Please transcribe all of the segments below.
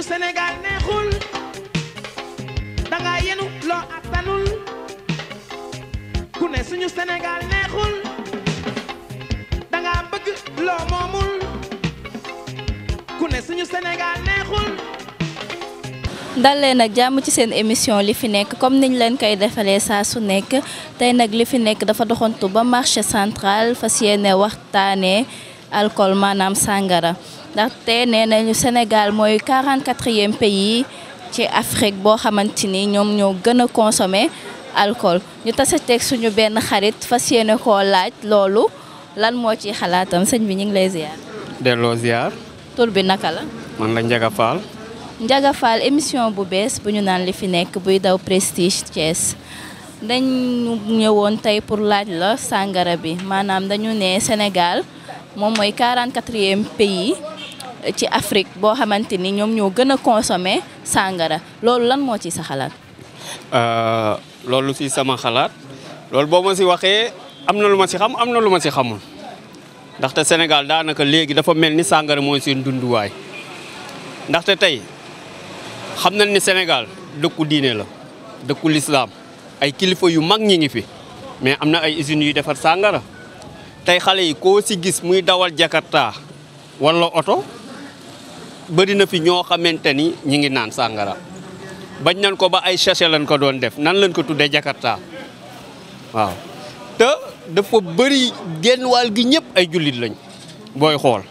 suñu Sénégal neexul danga yenu loo attanul ku suñu Sénégal neexul danga bëgg loo moomul ku suñu Sénégal neexul dal leen nag jàmm ci seen émission li fi nekk comme niñ leen koy defalee saa su nekk tey nag li fi nekk dafa doxantu ba marché central fas yéene waxtaane alcool maanaam sàngara ndaxte nee nañu Sénégal mooy 44e pays ci Afrique boo xamante ni ñoom ñoo gën a consommer alcool ñu tase teg suñu benn xarit fas yéene koo laaj loolu lan moo ci xalaatam sëñ bi ñu ngi lay ziar. delloo ziar. tur bi naka la. man la Ndiaga Fall. Ndiaga Fall émission bu bees bu ñu naan li fi nekk buy daw prestige Thiès dañ ñëwoon tey pour laaj la sàngara bi maanaam dañu ne Sénégal moom mooy 44e pays. ci Afrique bo xamanteni ñom ñoo gëna consommer sangara loolu lan mo ci sa xalaat. Euh, loolu si sama xalaat lool bo ma ci waxe amna na lu ma si xam amna na lu ma si xamul ndaxte da naka léegi dafa melni sangara mo ci dundu way ndaxte tey xam ni Sénégal dëkku diine la dëkku l'islam ay kilifa yu mag ñi ngi fi mais amna ay usine yu defar sangara tay xalé yi ko ci gis muy dawal Jakarta wala auto bari na fi ño xamanteni ñi ngi naan sangara bañ nan ko ba ay chassé lañ ko doon def nan lañ ko tuddé jakarta waaw te dafa bari genn wal gi ñëpp ay julit lañ boy xol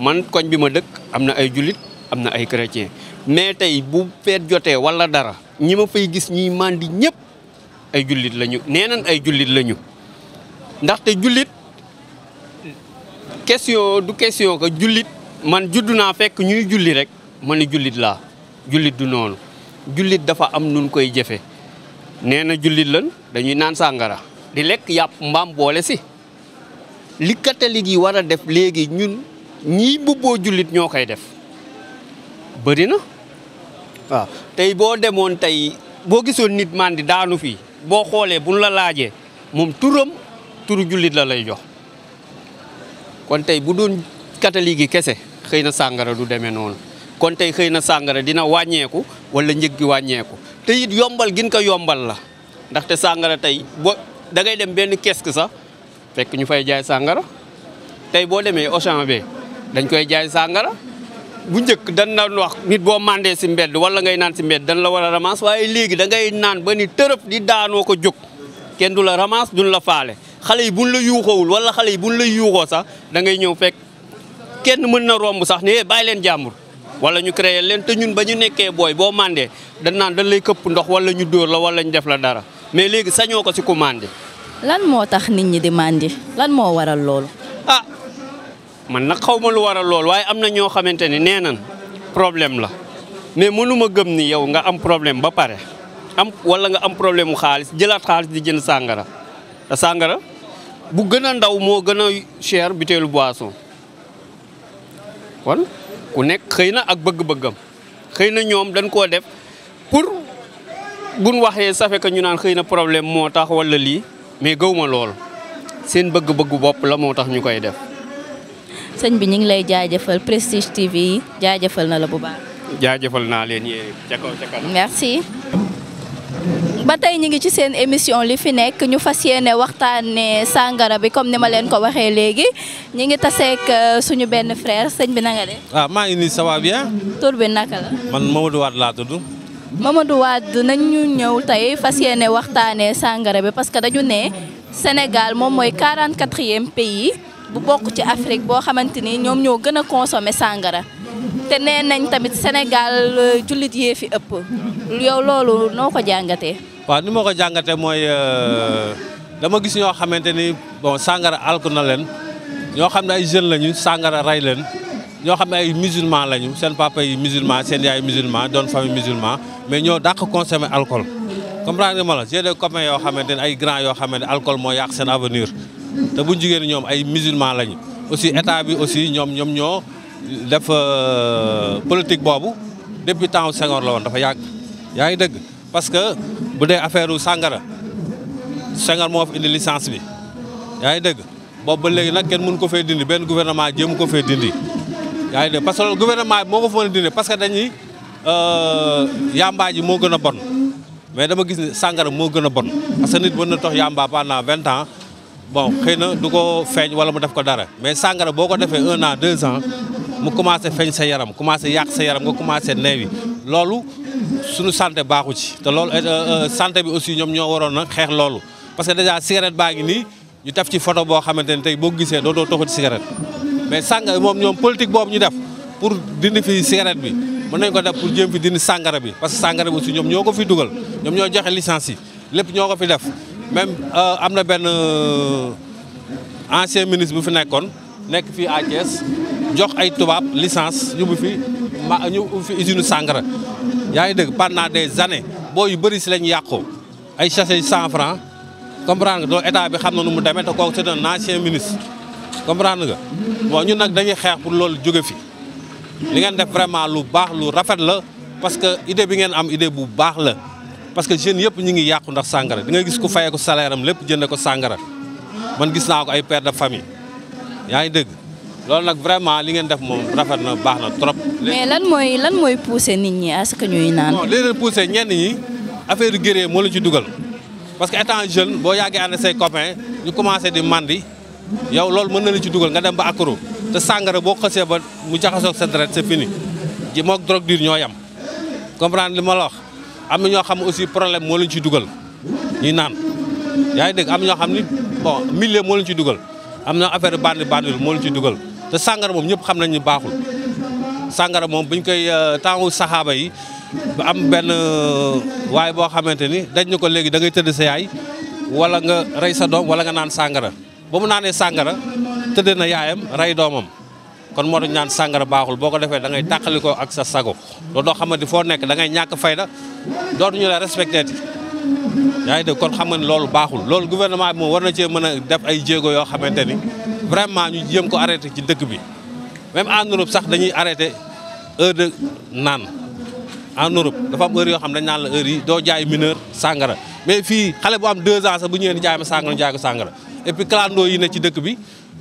man koñ bi ma dëkk amna ay julit amna ay chrétien mais tay bu fet joté wala dara ñi ma fay gis ñi mandi ñëpp ay julit lañu nenañ ay julit lañu te julit question du question ka julit man judd naa fekk ñuy julli rek ma ni jullit laa jullit du noonu jullit dafa am nun koy jefe nee na jullit lan dañuy naan sàngara di lekk yàpp mbaam boole si li catholique yi war a def léegi ñun ñii mbubboo jullit ñoo koy def bëri na waaw tey boo demoon tey boo gisoon nit man di daanu fii boo xoolee buñ la laajee moom turam turu jullit la lay jox kon tey bu doon catholique yi kese xëy na sàngara du demee noonu kon tey xëy na sàngara dina wàññeeku wala njëg gi wàññeeku te it yombal gin ko yombal la ndaxte sàngara tey boo da ngay dem benn kiosque sax fekk ñu fay jaay sàngara tey boo demee Auchan bi dañ koy jaay sàngara bu njëkk dan na wax nit boo mandee si mbedd wala ngay naan si mbedd dañ la war a ramas waaye léegi da ngay naan ba ni tërëf di daanoo ko jóg kenn du la ramas duñ la faale xale yi buñ la yuuxoowul wala xale yi buñ la yuuxoo sax da ñëw fekk kenn mën na romb sax né eh, bay leen jàmbur wala ñu créer leen té ñun bañu nekké boy bo mandé da naan da lay kepp ndox wala ñu door la wala ñu def la dara mais légui sañoo ko ci ku lan mo tax nit ñi di mandi lan mo waral lool ah man nag xawma lu waral lool waye amna na xamanteni xamante nan problème la mais mënuma gëm ni yow nga am problème ba paré am wala nga am problème xaaliss jëlat xaaliss di jënd sangara sangara bu gëna ndaw mo gëna cher boisson kon ku nekk xëy na ak bëgg-bëggam xëy na ñoom dañ koo def pour bu buñ waxee ça fait ñu naan xëy na problème moo tax wala lii mais gëw lool seen bëgg-bëggu bopp la moo tax ñu koy def. sëñ bi ñu ngi lay jaajëfal Prestige TV yi jaajëfal na la bu baax. jaajëfal naa leen yéen ca kaw ca merci. batay ñi ngi ci seen émission li fi nek ñu fas waxtane sangara bi comme ni ma leen ko waxee léegi ñi ngi taseeg eh, suñu benn frère sëñ bi na nga de. ah ma indi sa wa bien. Ya? tur bi naka la. man Mamadou wad la tuddu Mamadou wad nañ ñu ñew tay e fas waxtane sangara bi parce que dañu né Sénégal mom moy 44e pays bu bok ci Afrique bo xamanteni ñom ñoo gëna consommer sangara té né nañ tamit Sénégal eh, julit yé fi ëpp. yow loolu noo ko jàngatee. waaw ni ma ko jàngatee mooy euh, dama gis ñoo xamante ni bon sàngara alku na leen ñoo xam ne ay jeunes lañu sàngara rey leen ñoo xam ne ay musulman lañu seen papa yi musulman seen yaay musulman doon famille musulman mais ñoo dàq consommer alcool. comprendre ma la j'ai des yoo xamante ne ay grands yoo xamante ne alcool moo yàq seen avenir te bu ñu jigéen ñoom ay musulman lañu aussi état bi aussi ñoom ñoom ñoo def euh, politique boobu depuis temps Senghor la woon dafa yàgg. yaa ngi dégg parce que bu dee affaire u sàngara Senghor moo fi indi licence bi yaa ngi dégg boobu ba léegi nag kenn mun ko fee dindi benn gouvernement jéem ko fee dindi yaa ngi dégg parce que loolu gouvernement moo ko fa mën a dindi parce que dañuy euh, yàmbaa ji moo gën a bon mais dama gis ne sàngara moo gën a bon parce nit mën na tox yàmbaa pendant vingt ans bon xëy na du ko feeñ wala mu def ko dara mais sangara boo ko defee un an deux ans mu commencé feeñ sa yaram commencé yàq sa yaram nga commencé neewi loolu suñu santé baaxu ci te loolu euh, euh, euh, santé bi aussi ñoom ñoo waroon nag xeex loolu parce que déjà cigarette baa ngi nii ñu def ci photo boo xamante ne tey boo gisee doo doo toxu ci cigarette mais sànga moom ñoom politique boobu ñu def pour dindi fi cigarette bi mun nañ ko def pour jéem fi dindi sàngara bi parce que sàngara bi aussi ñoom ñoo ko fi dugal ñoom ñoo joxe licence yi lépp ñoo ko fi def même am na benn ancien ministre bu fi nekkoon nekk fii à jox ay tubaab licence ñu bu fi ma ñu yaa ngi dégg pendant des années boo yu bëri si lañ yàqu ay sachet cent franc comprendre nga loolu état bi xam na nu mu demee te kooku c'est un ancien ministre comprendre nga bon ñun nag dañuy xeex pour loolu jóge fi li ngeen def vraiment lu baax lu rafet la parce que idée bi ngeen am idée bu baax la parce que jeunes yëpp ñu ngi yàqu ndax sàngara di nga gis ku fayee ko salaire lépp jënde ko sàngara man gis naa ko ay père de famille yaa ngi dégg loolu nag vraiment li ngeen def moom rafet na baax na trop. mais lan mooy lan mooy poussé nit ñi à ce que ñuy naan. non li leen poussé ñenn ñi affaire yu géré moo la ci dugal parce que étant jeune boo yàggee ànd say copin ñu commencé di mandi yow loolu mën na la ci dugal nga dem ba accro te sàngara boo xësee ba mu jaxasoog sa deret c'est fini ji moog drogue ñoo yam comprendre li ma la wax am na ñoo xam aussi problème moo leen ci dugal ñuy naan yaa ngi dégg am na ñoo xam ni bon milieu moo leen ci dugal am na affaire bandi bandi moo ci dugal. te sàngara moom ñëpp xam nañ ni baaxul sàngara moom buñ koy euh, taawu saxaaba yi ba am benn euh, waaye boo xamante ni dañ ñu ko léegi da ngay tëdd sa yaay wala nga rey sa doom wala nga naan sàngara ba mu naanee sàngara tëdd na yaayam rey doomam kon moo tax naan sàngara baaxul boo ko defee da ngay tàqali ko ak sa sago loolu doo xamante foo nekk dangay ngay ñàkk fayda dootuñu la respecté ti yaa ngi dégg kon xam loolu baaxul loolu gouvernement bi moom war na cee mën a def ay jéego yoo xamante ni vraiment ñu jéem ko arrêté ci dëkk bi même en sax dañuy arrêté heure de naan en Europe dafa am heure yoo xam dañ naan la heure yi doo jaay mineur sàngara mais fii xale boo am deux ans sax bu ñëwee di jaay ma sàngara ñu jaay ko sàngara et yi ne ci dëkk bi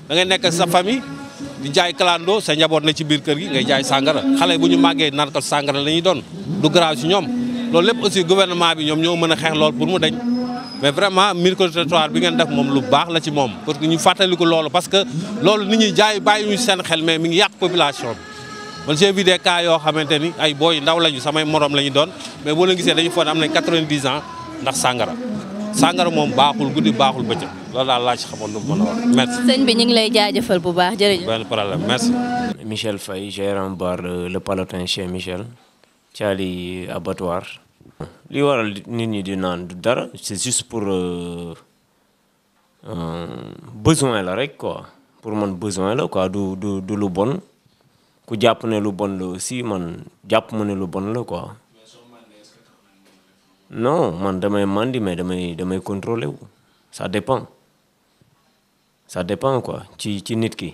da ngay nekk sa famille di jaay clando sa njaboot ne ci biir kër gi ngay jaay sàngara xale bu ñu màggee naan ko sàngara la ñuy doon du garaaw si ñoom loolu lépp aussi gouvernement bi ñoom ñoo mën a xeex lool pour mu dañ mais vraiment micro territoire bi ngeen def mom lu bax la ci mom parce que ñu fatali ko lolu parce que lolu nit ñi jaay bàyyi ñu seen xel mais mi ngi yak population bi man j'ai vu des cas yo xamanteni ay boy ndaw lañu samay morom lañu doon mais boo leen gisee dañu fon am nañ 90 ans ndax sangara sangara mom baaxul gudi baaxul bëccëg lolu daal laa ci xamone lu mën a wax merci. sëñ bi ñi ngi lay jaajëfal bu baax jërëjëf. ben problème merci. Michel fay gérant bar euh, le Palotin chez Michel Thiali abattoir. li waral nit ñi di naan du dara c'est juste pour euh, euh, besoin la rek quoi pour man besoin la quoi du du du lu bon ku jàpp ne lu bon la aussi man jàpp ma ne lu bon la quoi non man damay mandi mais damay damay contrôler wu ça dépend ça dépend quoi ci ci nit ki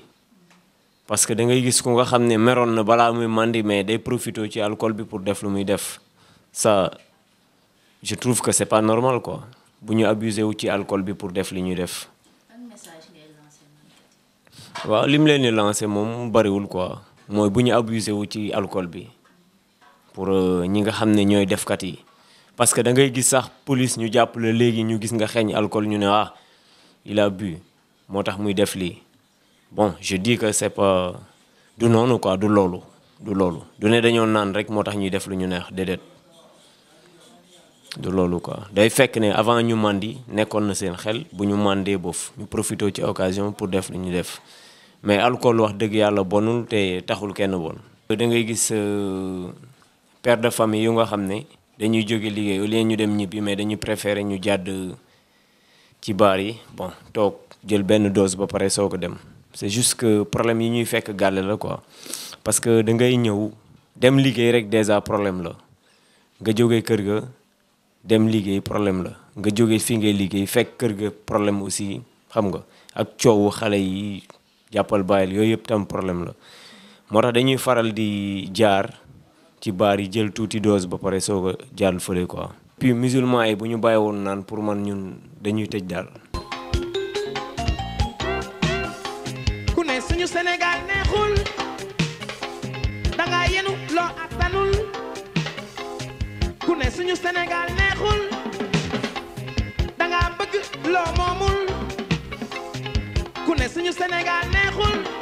parce que da ngay gis ku nga xam ne meroon na balaa muy mandi mais day profito ci alcool bi pour def lu muy def ça je trouve que c'est pas normal quoi buñu ñu abusé wu ci alcool bi pour def li ñuy def wa lim leen di lancé moom bariwul quoi mooy buñu ñu abusé wu ci alcool bi pour euh, ñi nga xam ñoy def kat yi parce que da ngay gis sax police ñu japp le léegi ñu gis nga xéñ alcool ñu né ah il a bu motax muy def li bon je dis que c'est pas du noonu quoi du lolu du lolu du né dañu nan, rek motax ñuy def lu ñu neex déedéet du loolu quoi day fekk ne avant ñu mandi nekkoon na seen xel bu ñu mandee boof ñu profité ci occasion pour def ñu def mais alcool wax dëgg yàlla bonul te taxul kenn bon. da ngay gis euh, père de famille yu nga xam ne dañuy jóge liggéey au lieu ñu dem ñibbi mais dañu préféré ñu jàdd ci baar yi bon toog jël benn dose ba pare soo ko dem c'est juste que problème yi ñuy fekk gàlle la quoi parce que da ngay ñëw dem liggéey rek problème la nga jógee kër ga. dem liggéey problème la nga jóge fi ngay liggéey fekk kër ga problème aussi xam nga ak coowu xale yi jàppal bàyyil yooyu yëpp tam problème la moo tax dañuy faral di jaar ci baar yi jël tuuti dose ba pare soog a jàll fële quoi. puis musulman yi bu ñu bàyyi woon naan pour man ñun dañuy tëj daal. suñu Sénégal neexul da nga bëgg loo moomul ku ne suñu Sénégal neexul